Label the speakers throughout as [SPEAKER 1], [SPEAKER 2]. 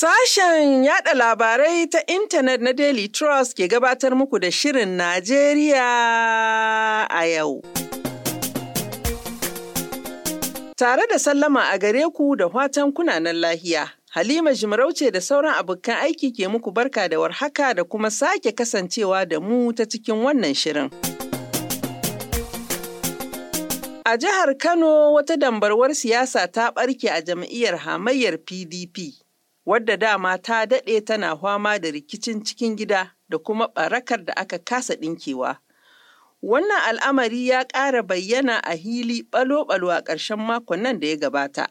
[SPEAKER 1] Sashen yada labarai ta intanet na Daily Trust ke gabatar muku da Shirin Najeriya a yau. Tare da sallama a gare ku da watan kunanan lahiya, Halima Jimarauce da sauran abokan aiki ke muku barka da warhaka da kuma sake kasancewa da mu ta cikin wannan shirin. A jihar Kano wata dambarwar siyasa ta ɓarke a jam'iyyar hamayyar PDP wadda dama ta daɗe tana fama da rikicin cikin gida da kuma ɓarakar da aka kasa ɗinkewa. Wannan al'amari ya ƙara bayyana a hili ɓalo-ɓalo a ƙarshen makon nan da ya gabata.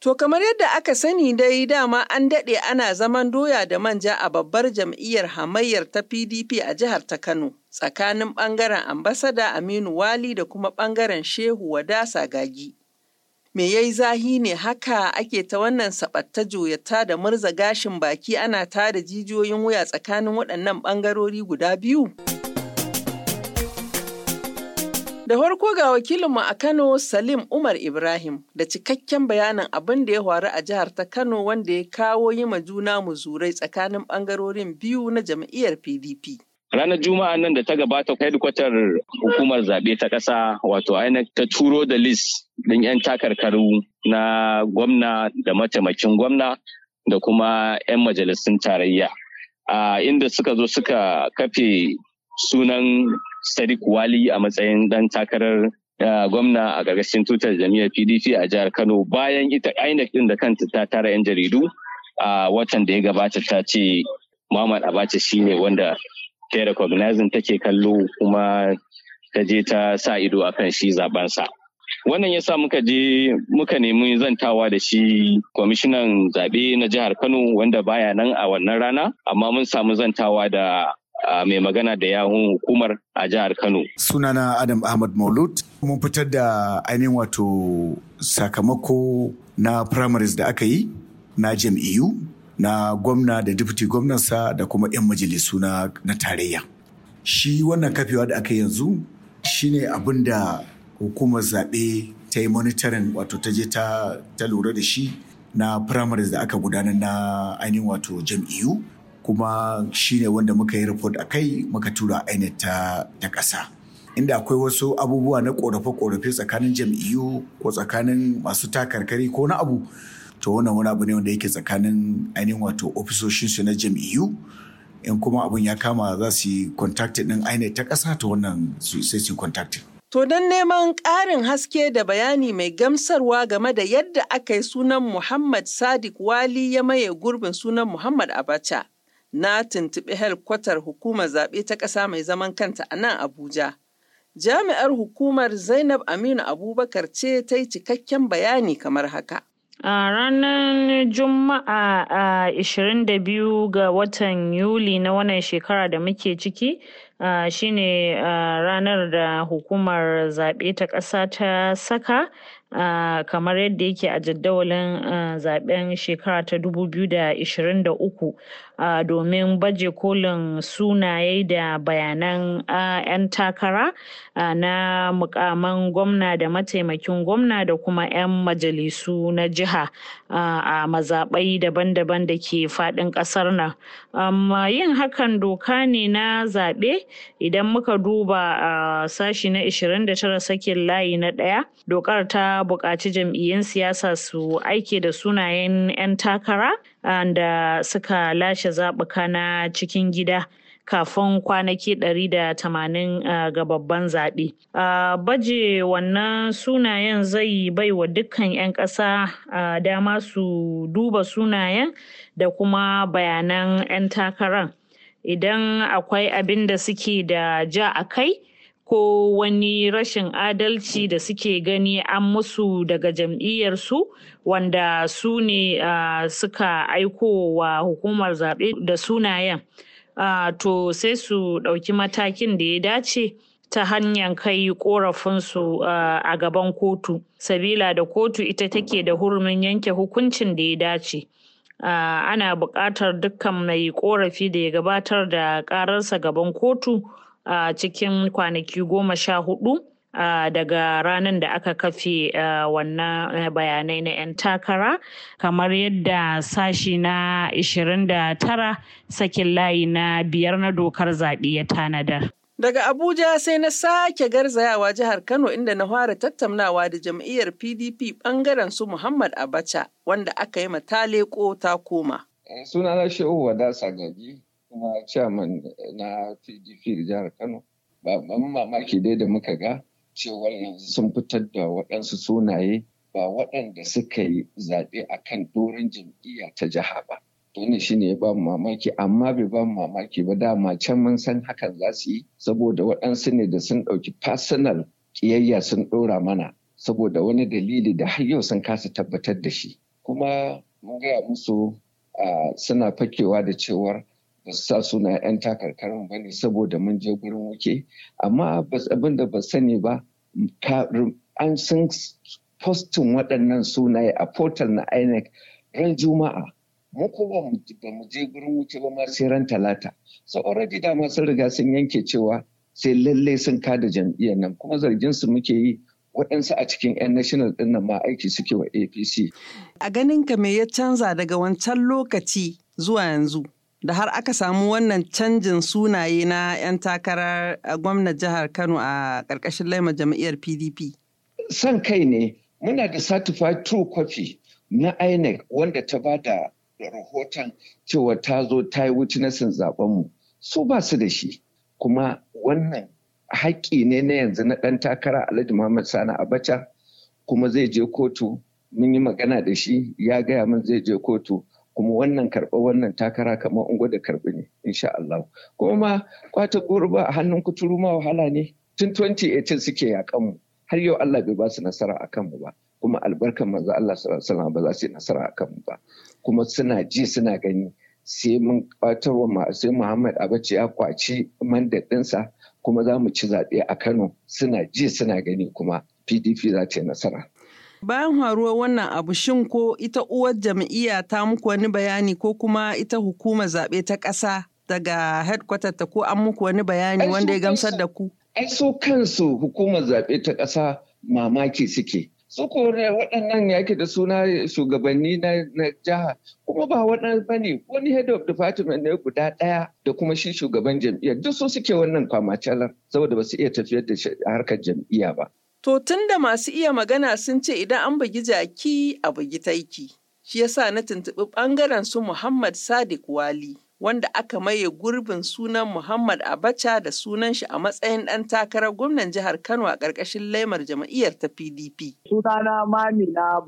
[SPEAKER 1] To kamar yadda aka sani dai dama an daɗe ana zaman doya da manja a babbar jam'iyyar hamayyar ta PDP a jihar ta Kano tsakanin ɓangaren ambasada Aminu Wali da kuma ɓangaren Shehu Wadasa Gagi. Me yayi zahi ne haka ake ta wannan saɓatta juyatta da murza gashin baki ana tada jijiyoyin wuya tsakanin waɗannan ɓangarori guda biyu? Da farko ga wakilinmu a Kano Salim Umar Ibrahim da cikakken bayanin abin da ya faru a jihar ta Kano wanda ya kawo yi ma juna zurai tsakanin ɓangarorin biyu na jam'iyyar PDP.
[SPEAKER 2] Ranar Juma'a nan da ta gabata hedkwatar hukumar zaɓe ta ƙasa wato INEC ta turo da list ɗin 'yan takarkaru na gwamna da mataimakin gwamna da kuma 'yan majalisun tarayya. A inda suka zo suka kafe sunan Sadiq Wali a matsayin ɗan takarar eh, gwamna a gargashin tutar jami'ar PDP a jihar Kano bayan ita INEC ɗin da kanta ta tara 'yan jaridu a watan da ya gabata ta ce Muhammad Abacha shine wanda ta recognizing take kallo kuma ta je ta sa ido akan shi zabansa Wannan ya sa muka je muka nemi zantawa da shi kwamishinan zaɓe na jihar Kano wanda baya nan a wannan rana, amma mun samu zantawa da mai magana da yawun hukumar a jihar Kano.
[SPEAKER 3] Sunana Adam Ahmad Maulud. Mun fitar da ainihin wato sakamako na primaries da aka yi na jam'iyyu na gwamna da gwamnan gwamnansa da kuma 'yan majalisu na, na tarayya shi wannan kafewa da aka yanzu shi ne abin da hukumar zaɓe ta yi monitoring wato ta je ta, lura da shi na primaries da aka gudanar na ainihin wato jam'iyyu kuma shi ne wanda muka yi report a kai muka tura ainihin ta, ta ƙasa inda akwai wasu abubuwa na ƙorafe-ƙorafe tsakanin jam'iyyu ko tsakanin masu takarkari ko na abu to wannan wani abu ne wanda yake tsakanin ainihin wato ofisoshinsu na jam'iyyu in kuma abun ya kama za su yi kontaktin ɗin ainihin e ta ƙasa ta wannan sai su yi kontaktin.
[SPEAKER 1] To don neman ƙarin haske da bayani mai gamsarwa game da yadda aka yi sunan Muhammad Sadiq Wali ya maye gurbin sunan Muhammad Abacha, na tuntuɓi helkwatar hukumar zaɓe ta ƙasa mai zaman kanta a nan Abuja. Jami'ar hukumar Zainab Aminu Abubakar ce ta yi cikakken bayani kamar haka.
[SPEAKER 4] A ranar Juma'a a 22 ga watan Yuli na wannan shekara da muke ciki Shi shine ranar da hukumar zaɓe ta ƙasa ta saka kamar yadda yake a jaddawalin zaben zaɓen shekara ta 2023 a domin baje kolin sunaye da bayanan 'yan takara a na mukaman gwamna da mataimakin gwamna da kuma 'yan majalisu na jiha a mazaɓai daban-daban da ke faɗin ƙasar nan Amma yin hakan doka ne na zaɓe idan muka duba a sashi na 29 sakin layi na ɗaya dokar ta buƙaci jam'iyyun siyasa su aike da sunayen 'yan takara da suka lashe zaɓuka na cikin gida kafin kwanaki 180 ga babban zaɓe. Baje wannan sunayen zai bai wa dukkan 'yan ƙasa dama su duba sunayen da kuma bayanan 'yan takarar. idan akwai abin da suke da ja a kai ko wani rashin adalci da suke gani an musu daga jam'iyyarsu wanda su ne ah, suka aiko wa hukumar zaɓe da sunayen ah, to sai su ɗauki matakin da ya dace ta hanyar kai korafinsu ah, a gaban kotu sabila da kotu ita take da hurumin yanke hukuncin da ya dace Ah, ana buƙatar dukkan mai ƙorafi da ya gabatar da ƙararsa gaban kotu a ah, cikin kwanaki goma sha hudu ah, daga ranar da aka kafe wannan eh, bayanai na 'yan takara kamar yadda sashi na 29 sakin layi na biyar na dokar zaɓe ya tanadar. Daga Abuja sai na sake
[SPEAKER 1] garzayawa jihar Kano inda na fara tattaunawa da jam'iyyar PDP bangaren su Muhammad Abacha wanda aka yi mataleko ta koma.
[SPEAKER 5] Eh, Suna na Shehu da Sagaji kuma chairman na PDP jihar Kano. Ba mamaki dai da muka ga cewa yanzu sun fitar da waɗansu sunaye ba waɗanda suka yi zaɓe akan doron jam'iyya ta jiha ba. wani shi ne ya ba mamaki amma bai ba mamaki ba dama can mun san hakan za su yi saboda waɗansu ne da sun ɗauki personal ƙiyayya sun ɗora mana saboda wani dalili da har yau sun kasa tabbatar da shi kuma mun gaya musu suna fakewa da cewar ba su sa suna 'yan takarkarin ba ne saboda mun je gurin wuke amma abin da ba sani ba an sun postin waɗannan sunaye a portal na inec ran juma'a mu kuma ba mu je gurin wuce ba ma sai ran talata so already ma sun riga sun yanke cewa sai lallai sun kada jam'iyyar nan kuma zargin su
[SPEAKER 1] muke yi waɗansu a cikin 'yan national ɗin nan ma aiki suke wa apc a ganin ka me ya canza daga wancan lokaci zuwa yanzu da har aka samu wannan canjin sunaye na 'yan takarar gwamnan jihar kano a ƙarƙashin laima jam'iyyar pdp San kai ne muna da certified true copy na inec
[SPEAKER 5] wanda ta ba da rahoton cewa ta zo ta yi nasin zaɓenmu su ba su da shi kuma wannan haƙƙi ne na yanzu na ɗan takara alhaji muhammad sani abacha kuma zai je kotu mun yi magana da shi ya gaya min zai je kotu kuma wannan karɓa wannan takara kamar ungo da karɓi ne insha Allah kuma ma kwata gurba a hannun kuturu ma wahala ne tun 2018 suke yaƙan mu har yau Allah bai ba su nasara akan mu ba kuma albarkar manzo Allah sallallahu ba za su yi nasara a kanmu ba kuma suna ji suna gani sai mun kwatarwa sai Muhammad Abace ya kwaci mandadinsa kuma za mu ci zaɓe a Kano suna ji suna gani kuma PDP za ta yi nasara.
[SPEAKER 1] Bayan faruwar wannan abu shin ko ita uwar jam'iyya ta muku wani bayani ko kuma ita hukumar zaɓe ta ƙasa daga headquarter ta ko an muku wani bayani wanda ya gamsar da
[SPEAKER 5] ku? Ai so kansu hukumar zaɓe ta ƙasa mamaki suke su kore waɗannan yake da suna shugabanni na jiha kuma ba waɗannan ba ne wani head of department ne guda ɗaya da kuma shi shugaban jam'iyyar duk su suke wannan kwamacalar saboda ba su iya tafiyar da harkar jam'iyya ba.
[SPEAKER 1] To tun da masu iya magana sun ce idan an bugi jaki a bugi taiki. Shi yasa na tuntuɓi ɓangaren su Muhammad Sadiq Wali wanda aka maye gurbin sunan Muhammad Abacha da sunan shi a matsayin ɗan takarar gwamnan jihar Kano a ƙarƙashin laimar jam'iyyar ta PDP.
[SPEAKER 3] Sunana Mamina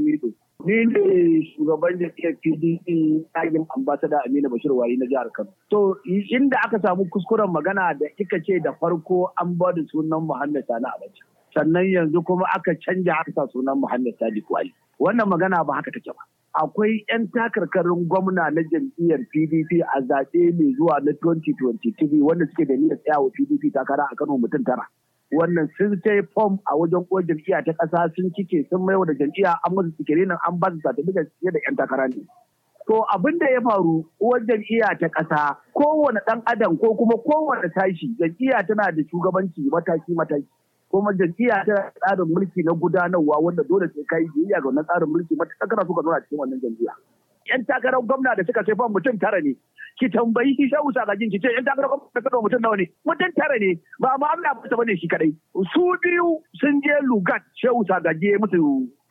[SPEAKER 3] Mido. Ni ne shugaban jam'iyyar PDP ɗagin ambasada Aminu Bashir Wari na jihar Kano. To inda aka samu kuskuren magana da kika ce da farko an ba da sunan Muhammad Sani Abacha. Sannan yanzu kuma aka canja aka sa sunan Muhammad Sadiq Wali. Wannan magana ba haka take ba. akwai 'yan takarkarin gwamna na jam'iyyar pdp a zaɓe mai zuwa na 2023 wanda suke da niyyar tsayawa pdp takara a kano mutum tara wannan sun yi fom a wajen uwar jam'iyya ta ƙasa sun cike sun mai da jam'iyya an masu sikiri nan an ba su fiye da 'yan takara ne to abin da ya faru uwar jam'iyya ta ƙasa kowane ɗan adam ko kuma kowane tashi jam'iyya tana da shugabanci mataki mataki kuma jam'iyya tana tsarin mulki na gudanarwa wanda dole sai kai biyayya ga wannan tsarin mulki matakan kana suka ka zauna cikin wannan jam'iyya yan takarar gwamna da suka ban mutum tara ne ki tambayi ki sha usa gajin ki ce yan takarar gwamna da mutum nawa ne mutum tara ne ba amma Allah ba ta bane shi kadai su biyu sun je lugat shehu sagaje musu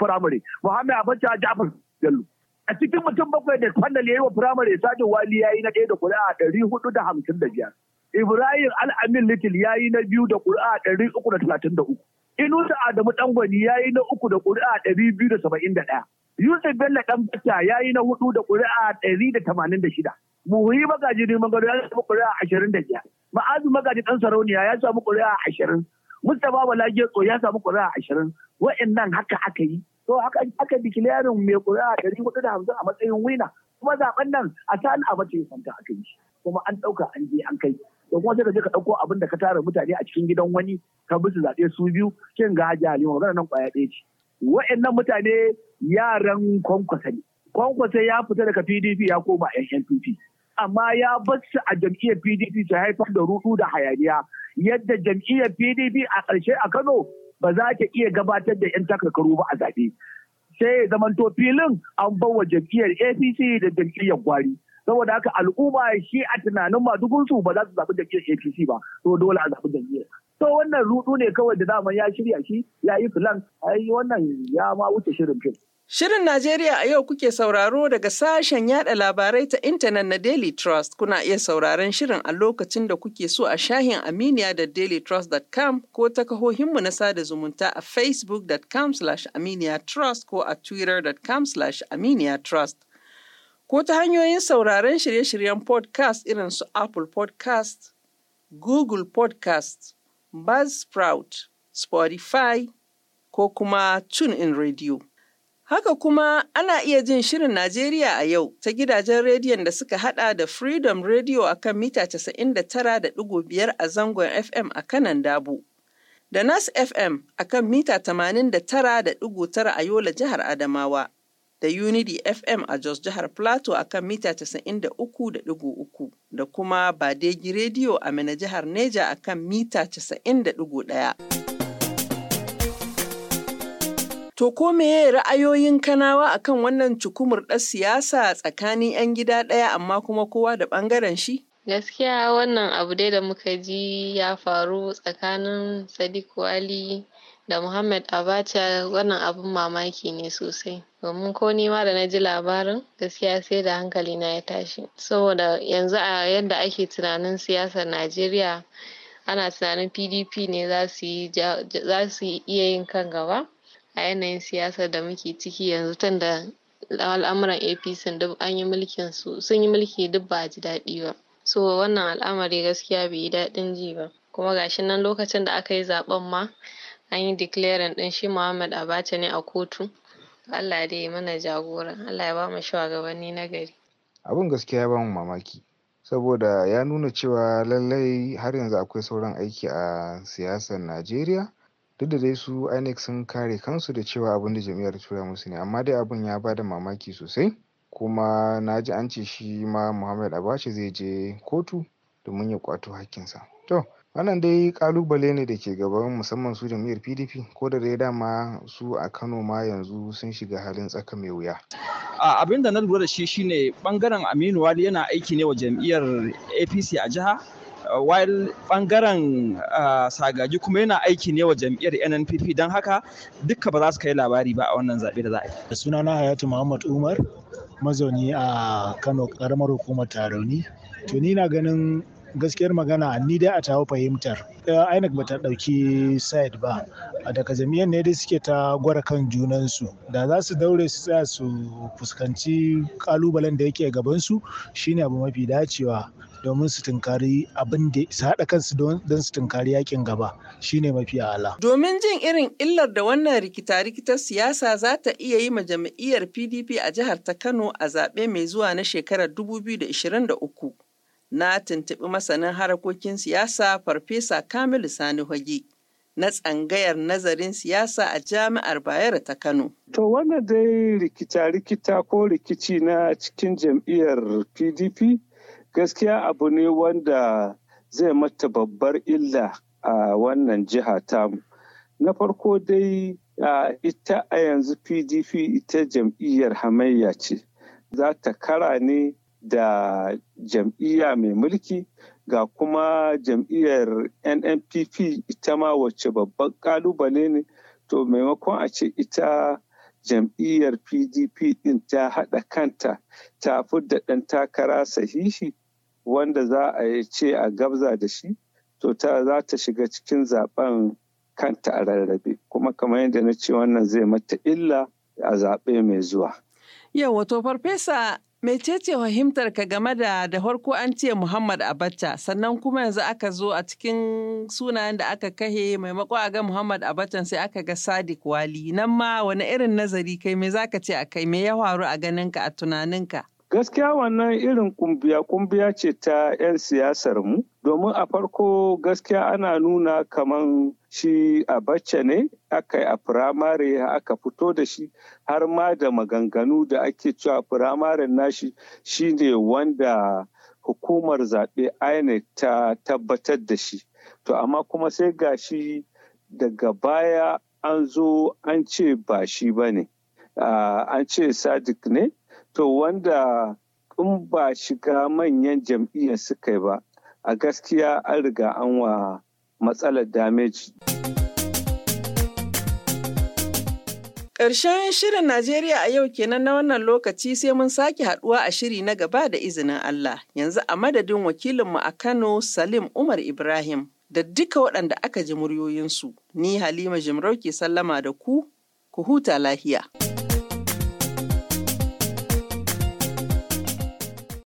[SPEAKER 3] firamare muhammad abacha jafar jallu a cikin mutum bakwai da fannin ya yi wa firamare sajin wali ya yi na ɗaya da kuri'a ɗari da hamsin da biyar Ibrahim Al'amin Little ya yi na biyu da ƙuri'a ɗari uku da talatin da uku. Inusa Adamu Ɗangwani ya yi na uku da ƙuri'a ɗari biyu da saba'in da ɗaya. Yusuf Bello Ɗanbata ya yi na hudu da ƙuri'a ɗari da tamanin da shida. Muhi Magaji ne Gado ya samu ƙuri'a ashirin da biyar. Ma'azu Magaji Ɗan Sarauniya ya samu ƙuri'a ashirin. Mustapha Balagetso ya samu ƙuri'a ashirin. Wa'annan haka aka yi. To haka aka dikilarin mai ƙuri'a ɗari huɗu da hamsin a matsayin wina. Kuma zaɓen nan a sa'an a mace santa aka yi. Kuma an ɗauka an je an kai. da kuma sai ka je ka ɗauko abin da ka tara mutane a cikin gidan wani ka bi su zaɓe su biyu kin ga Hajji Halima magana nan ƙwaya ɗaya ce wa'annan mutane yaran kwankwasa ne kwankwasa ya fita daga PDP ya koma a NNPP amma ya bar a jam'iyyar PDP ta haifar da rudu da hayaniya yadda jam'iyyar PDP a ƙarshe a Kano ba za ta iya gabatar da 'yan takarkaru ba a zaɓe sai ya zamanto filin an bawa jam'iyyar APC da jam'iyyar Gwari saboda haka al'umma shi a tunanin madugunsu ba za su zaɓi jam'iyyar APC ba to dole a zaɓi jam'iyyar to wannan rudu ne kawai da zaman ya shirya shi ya yi filan ai wannan ya ma wuce shirin fim
[SPEAKER 1] Shirin Najeriya a yau kuke sauraro daga sashen yada labarai ta intanet na Daily Trust. Kuna iya sauraron shirin a lokacin da kuke so a shahin Aminiya da dailytrust.com ko ta kahohinmu na sada zumunta a facebook.com/aminiya trust ko a twitter.com/aminiya trust. ko ta hanyoyin sauraron shirye-shiryen podcast irin su Apple podcast, Google podcast, Buzzsprout, Spotify ko kuma TuneIn Radio. Haka kuma ana iya jin shirin Najeriya a yau ta gidajen rediyon da suka hada da Freedom Radio a kan mita 99.5 a zangon FM a kanan Dabu, da Nas FM a kan mita 89.9 a Yola jihar Adamawa, da Unity FM a Jos Jihar Plateau a kan mita 93.3 da uku da kuma Badegi Radio a Mina Jihar Neja a kan mita 90.1. To ko meye ra'ayoyin kanawa akan wannan cukumur ɗan siyasa tsakanin 'yan gida ɗaya amma kuma kowa da ɓangaren shi?
[SPEAKER 4] Gaskiya wannan abu dai da muka ji ya faru tsakanin Sadiq Wali da Muhammad Abacha wannan abun mamaki ne sosai. Domin ko nima da na ji labarin gaskiya sai da hankali na ya tashi. Saboda yanzu a yadda ake tunanin siyasar Najeriya ana tunanin PDP ne za su iya yin kan gaba a yanayin siyasar da muke ciki yanzu tunda al'amuran APC duk an yi mulkin su sun yi mulki duk ba ji daɗi ba. So wannan al'amari gaskiya bai yi daɗin ji ba. Kuma gashi nan lokacin da aka yi zaɓen ma an yi declaring ɗin shi Muhammad Abacha ne a kotu. Allah dai ya mana jagora, Allah ya ba mu shugabanni na gari.
[SPEAKER 6] Abin gaskiya ya ba mu mamaki, saboda ya nuna cewa lallai har yanzu akwai sauran aiki a siyasar Najeriya. Duk da dai su INEC sun kare kansu da cewa abin da jami'ar tura musu ne, amma dai abin ya ba da mamaki sosai. Kuma na ji an ce shi ma Muhammad Abacha zai je kotu domin ya kwato hakkinsa. To, wannan dai kalubale ne da ke gaban musamman su jam'iyyar pdp ko da dai dama su a kano ma yanzu sun shiga halin tsaka mai wuya
[SPEAKER 2] abin da na lura da shi shine bangaren aminu wali yana aiki ne wa jam'iyyar apc a jiha while bangaren sagaji kuma yana aiki ne wa jam'iyyar nnpp don haka dukka ba za su kai labari ba a wannan zaɓe da za
[SPEAKER 3] a yi na hayatu muhammad umar mazauni a kano ƙaramar hukumar tarauni to ni na ganin gaskiyar magana ni dai a tawo fahimtar eh, inec ba ta ɗauki side ba daga jami'an ne dai suke ta gwara kan junansu da za su daure su tsaya su fuskanci kalubalen da yake gabansu shine abu mafi dacewa domin su tunkari abin da su haɗa kansu don su tunkari yakin gaba shine mafi ala.
[SPEAKER 1] Domin jin irin illar da wannan rikita-rikitar siyasa za ta iya yi ma jam'iyyar PDP a jihar ta Kano a zaɓe mai zuwa na shekarar 2023. na tuntuɓi masanin harkokin siyasa Farfesa Kamilu Sani Hoge. na tsangayar nazarin siyasa a jami'ar Bayero ta Kano.
[SPEAKER 6] To wannan dai rikita-rikita ko rikici na cikin jam'iyyar PDP gaskiya abu ne wanda zai mata babbar illa a wannan jiha tamu. Na farko dai a ita a yanzu PDP ita jam'iyyar hamayya ce, za ta kara ne da jam'iyya mai mulki ga kuma jam'iyyar nnpp ita ma wacce babban kalubale ne to maimakon a ce ita jam'iyyar pdp din ta haɗa kanta ta da ɗan takara sahihi wanda za a ce a gabza da shi to ta za ta shiga cikin zaben kanta a rarrabe kuma kamar yadda na ce wannan zai mata illa a zaɓe mai zuwa.
[SPEAKER 1] Yau wato farfesa Mecece fahimtar ka game da da farko an ce Muhammad Abacha sannan kuma yanzu aka zo a cikin sunayen da aka kahe maimako a ga Muhammad Abacha sai aka ga Sadiq Wali nan ma wani irin nazari kai me zaka ce a kai me ya faru a ganinka a tunaninka?
[SPEAKER 6] Gaskiya wannan irin kumbiya-kumbiya ce ta 'yan siyasar mu, domin a farko gaskiya ana nuna kamar shi a bacce ne aka yi a firamare aka fito da shi har ma da maganganu da ake cewa firamare nashi ne wanda hukumar zaɓe INEC ta tabbatar da shi. To amma kuma sai ga shi daga baya an zo an ce ba shi ba ne, ah, an ce sadik ne. to wanda in ba shiga manyan jam'iyyar suka yi ba a gaskiya an riga an wa matsalar damage.
[SPEAKER 1] Ƙarshen shirin Najeriya a yau kenan na wannan lokaci sai mun sake haɗuwa a shiri na gaba da izinin Allah. Yanzu a madadin wakilinmu a Kano Salim Umar Ibrahim da duka waɗanda aka ji muryoyinsu, ni Halima Jimarau ke sallama da ku, ku huta lahiya.